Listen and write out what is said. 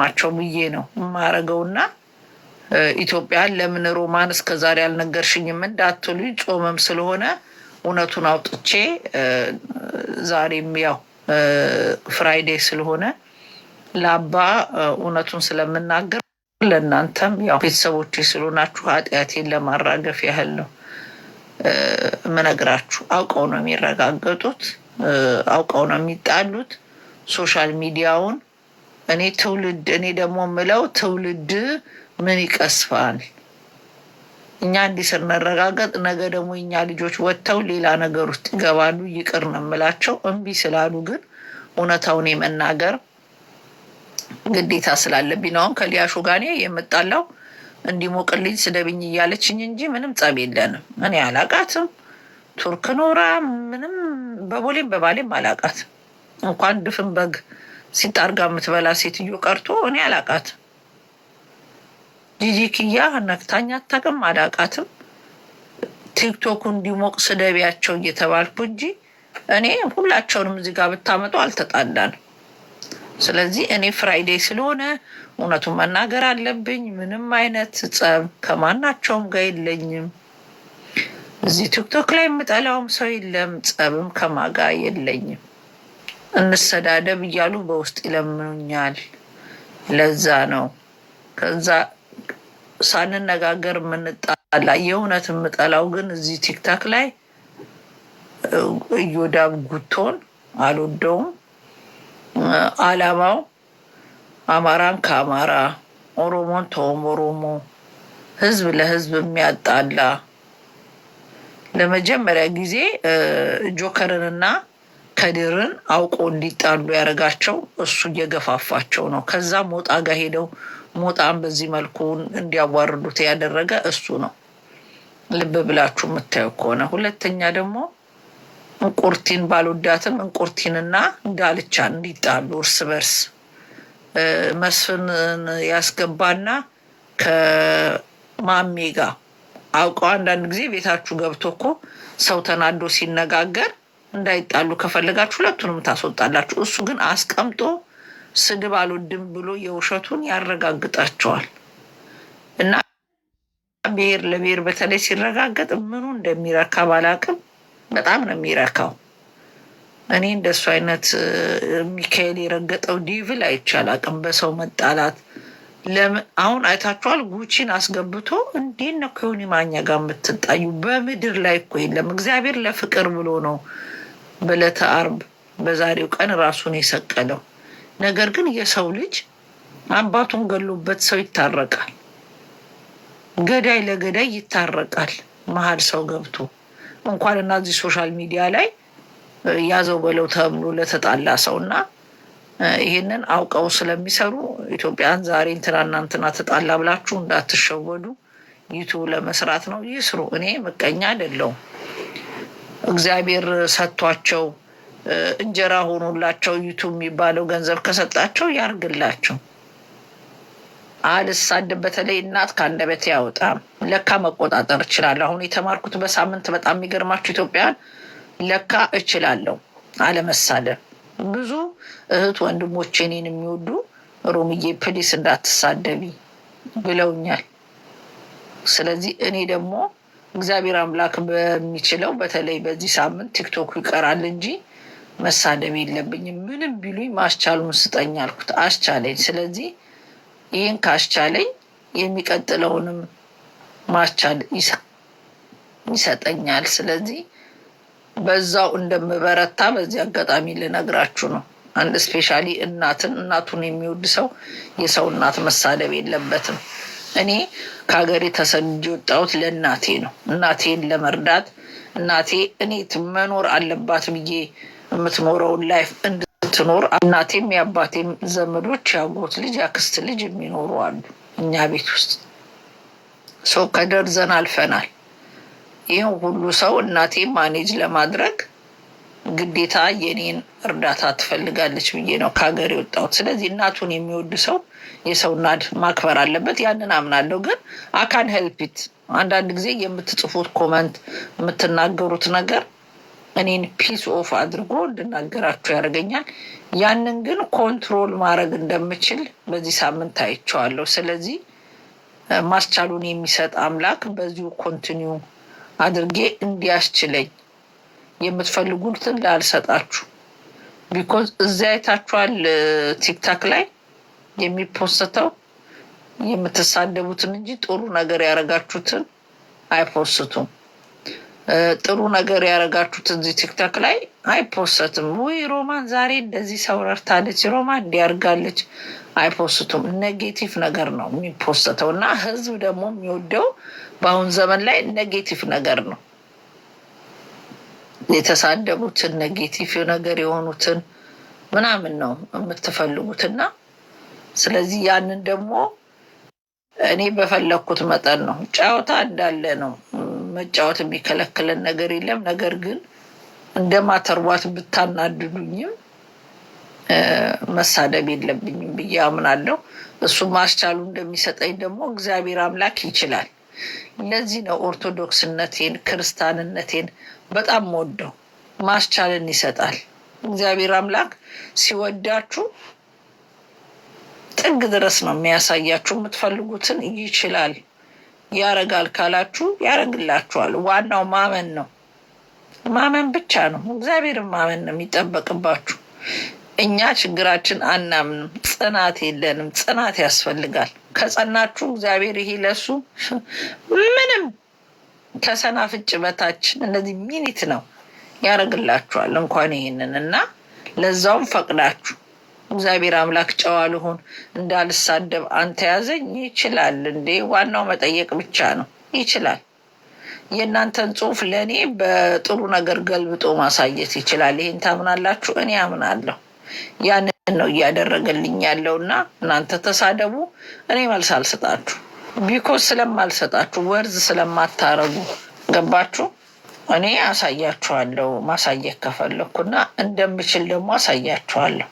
ስማቸው ብዬ ነው የማረገውና ኢትዮጵያን ለምን ሮማን እስከዛሬ አልነገርሽኝም እንዳትሉ ጾመም ስለሆነ እውነቱን አውጥቼ ዛሬም ያው ፍራይዴ ስለሆነ ለአባ እውነቱን ስለምናገር ለእናንተም ያው ቤተሰቦች ስለሆናችሁ ኃጢአቴን ለማራገፍ ያህል ነው ምነግራችሁ። አውቀው ነው የሚረጋገጡት፣ አውቀው ነው የሚጣሉት። ሶሻል ሚዲያውን እኔ ትውልድ እኔ ደግሞ ምለው ትውልድ ምን ይቀስፋል? እኛ እንዲህ ስንረጋገጥ ነገ ደግሞ እኛ ልጆች ወጥተው ሌላ ነገር ውስጥ ይገባሉ። ይቅር ነው የምላቸው። እምቢ ስላሉ ግን እውነታውን የመናገር ግዴታ ስላለብኝ ነው። አሁን ከሊያሾ ጋር የምጣላው እንዲሞቅልኝ ስደብኝ እያለችኝ እንጂ ምንም ጸብ የለንም። እኔ አላቃትም። ቱርክ ኖራ ምንም በቦሌም በባሌም አላቃትም። እንኳን ድፍን በግ ሲጣርጋ የምትበላ ሴትዮ ቀርቶ እኔ አላቃት። ጂጂ ክያ ነክታኝ አታውቅም፣ አላቃትም። ቲክቶኩ እንዲሞቅ ስደቢያቸው እየተባልኩ እንጂ እኔ ሁላቸውንም እዚህ ጋር ብታመጡ አልተጣላን። ስለዚህ እኔ ፍራይዴ ስለሆነ እውነቱን መናገር አለብኝ። ምንም አይነት ጸብ ከማናቸውም ጋር የለኝም። እዚህ ቲክቶክ ላይ የምጠላውም ሰው የለም፣ ጸብም ከማጋ የለኝም። እንሰዳደብ እያሉ በውስጥ ይለምኑኛል። ለዛ ነው ከዛ ሳንነጋገር የምንጣላ። የእውነት የምጠላው ግን እዚህ ቲክታክ ላይ እዮዳብ ጉቶን አልወደውም። አላማው አማራን ከአማራ ኦሮሞን ተውም ኦሮሞ ህዝብ ለህዝብ የሚያጣላ ለመጀመሪያ ጊዜ ጆከርንና ከድርን አውቆ እንዲጣሉ ያደረጋቸው እሱ እየገፋፋቸው ነው። ከዛ ሞጣ ጋር ሄደው ሞጣን በዚህ መልኩ እንዲያዋርዱት ያደረገ እሱ ነው። ልብ ብላችሁ የምታየው ከሆነ ሁለተኛ ደግሞ እንቁርቲን ባልወዳትም እንቁርቲንና ዳልቻን እንዲጣሉ እርስ በርስ መስፍንን ያስገባና ከማሜ ጋር አውቀው አንዳንድ ጊዜ ቤታችሁ ገብቶ እኮ ሰው ተናዶ ሲነጋገር እንዳይጣሉ ከፈለጋችሁ ሁለቱንም ታስወጣላችሁ። እሱ ግን አስቀምጦ ስድብ አልወድም ብሎ የውሸቱን ያረጋግጣቸዋል እና ብሔር ለብሔር በተለይ ሲረጋገጥ ምኑ እንደሚረካ ባላቅም በጣም ነው የሚረካው። እኔ እንደሱ አይነት ሚካኤል የረገጠው ዲቪል አይቻል አቅም በሰው መጣላት አሁን አይታችኋል። ጉቺን አስገብቶ እንዴት ነው ከዮኒ ማኛ ጋር የምትጣዩ? በምድር ላይ እኮ የለም። እግዚአብሔር ለፍቅር ብሎ ነው በዕለተ ዓርብ በዛሬው ቀን ራሱን የሰቀለው። ነገር ግን የሰው ልጅ አባቱን ገሎበት ሰው ይታረቃል። ገዳይ ለገዳይ ይታረቃል። መሀል ሰው ገብቶ እንኳን እና እዚህ ሶሻል ሚዲያ ላይ ያዘው በለው ተብሎ ለተጣላ ሰው እና ይህንን አውቀው ስለሚሰሩ ኢትዮጵያን ዛሬ እንትና እናንትና ተጣላ ብላችሁ እንዳትሸወዱ። ይቱ ለመስራት ነው ይስሩ። እኔ ምቀኛ አይደለሁም። እግዚአብሔር ሰጥቷቸው እንጀራ ሆኖላቸው ዩቱብ የሚባለው ገንዘብ ከሰጣቸው ያርግላቸው። አልሳድ በተለይ እናት ከአንደበቴ ያወጣም ለካ መቆጣጠር እችላለሁ። አሁን የተማርኩት በሳምንት በጣም የሚገርማችሁ ኢትዮጵያን ለካ እችላለሁ አለመሳደብ። ብዙ እህት ወንድሞች እኔን የሚወዱ ሮምዬ ፕሊስ እንዳትሳደቢ ብለውኛል። ስለዚህ እኔ ደግሞ እግዚአብሔር አምላክ በሚችለው በተለይ በዚህ ሳምንት ቲክቶኩ ይቀራል እንጂ መሳደብ የለብኝም። ምንም ቢሉኝ ማስቻሉን ስጠኝ አልኩት፣ አስቻለኝ። ስለዚህ ይህን ካስቻለኝ የሚቀጥለውንም ማስቻል ይሰጠኛል። ስለዚህ በዛው እንደምበረታ በዚህ አጋጣሚ ልነግራችሁ ነው። አንድ ስፔሻሊ እናትን እናቱን የሚወድ ሰው የሰው እናት መሳደብ የለበትም። እኔ ከሀገሬ ተሰድጄ የወጣሁት ለእናቴ ነው። እናቴን ለመርዳት እናቴ እኔት መኖር አለባት ብዬ የምትኖረውን ላይፍ እንድትኖር እናቴም የአባቴም ዘመዶች ያጎት ልጅ ያክስት ልጅ የሚኖሩ አሉ እኛ ቤት ውስጥ ሰው ከደርዘን አልፈናል። ይህም ሁሉ ሰው እናቴ ማኔጅ ለማድረግ ግዴታ የኔን እርዳታ ትፈልጋለች ብዬ ነው ከሀገር የወጣሁት። ስለዚህ እናቱን የሚወድ ሰው የሰው እናት ማክበር አለበት። ያንን አምናለሁ። ግን አካን ሄልፒት አንዳንድ ጊዜ የምትጽፉት ኮመንት፣ የምትናገሩት ነገር እኔን ፒስ ኦፍ አድርጎ እንድናገራችሁ ያደርገኛል። ያንን ግን ኮንትሮል ማድረግ እንደምችል በዚህ ሳምንት አይቼዋለሁ። ስለዚህ ማስቻሉን የሚሰጥ አምላክ በዚሁ ኮንቲኒው አድርጌ እንዲያስችለኝ የምትፈልጉትን ላልሰጣችሁ። ቢኮዝ እዚያ አይታችኋል፣ ቲክታክ ላይ የሚፖስተው የምትሳደቡትን እንጂ ጥሩ ነገር ያደረጋችሁትን አይፖስቱም። ጥሩ ነገር ያደረጋችሁት እዚህ ቲክታክ ላይ አይፖሰትም። ወይ ሮማን ዛሬ እንደዚህ ሰው ረርታለች ሮማን እንዲያርጋለች አይፖስቱም። ኔጌቲቭ ነገር ነው የሚፖሰተው እና ህዝብ ደግሞ የሚወደው በአሁን ዘመን ላይ ኔጌቲቭ ነገር ነው። የተሳደቡትን ኔጌቲቭ ነገር የሆኑትን ምናምን ነው የምትፈልጉት እና ስለዚህ ያንን ደግሞ እኔ በፈለግኩት መጠን ነው። ጨዋታ እንዳለ ነው። መጫወት የሚከለክለን ነገር የለም። ነገር ግን እንደ ማተርቧት ብታናድዱኝም መሳደብ የለብኝም ብዬ አምናለሁ። እሱ ማስቻሉ እንደሚሰጠኝ ደግሞ እግዚአብሔር አምላክ ይችላል። ለዚህ ነው ኦርቶዶክስነቴን ክርስቲያንነቴን በጣም ወደው ማስቻልን ይሰጣል። እግዚአብሔር አምላክ ሲወዳችሁ ጥግ ድረስ ነው የሚያሳያችሁ። የምትፈልጉትን ይችላል ያረጋል ካላችሁ ያረግላችኋል። ዋናው ማመን ነው። ማመን ብቻ ነው። እግዚአብሔርን ማመን ነው የሚጠበቅባችሁ። እኛ ችግራችን አናምንም፣ ጽናት የለንም። ጽናት ያስፈልጋል። ከጸናችሁ እግዚአብሔር ይሄ ለሱ ምንም ከሰናፍጭ በታች እነዚህ ሚኒት ነው ያደርግላችኋል። እንኳን ይህንን እና ለዛውም ፈቅዳችሁ እግዚአብሔር አምላክ ጨዋ ልሆን እንዳልሳደብ አንተ ያዘኝ ይችላል እንዴ? ዋናው መጠየቅ ብቻ ነው። ይችላል የእናንተን ጽሁፍ ለእኔ በጥሩ ነገር ገልብጦ ማሳየት ይችላል። ይህን ታምናላችሁ? እኔ አምናለሁ። ያን ነው እያደረገልኝ ያለው እና እናንተ ተሳደቡ፣ እኔ መልስ አልሰጣችሁ ቢኮዝ ስለማልሰጣችሁ ወርዝ ስለማታረጉ ገባችሁ። እኔ አሳያችኋለሁ ማሳየት ከፈለኩና እንደምችል ደግሞ አሳያችኋለሁ።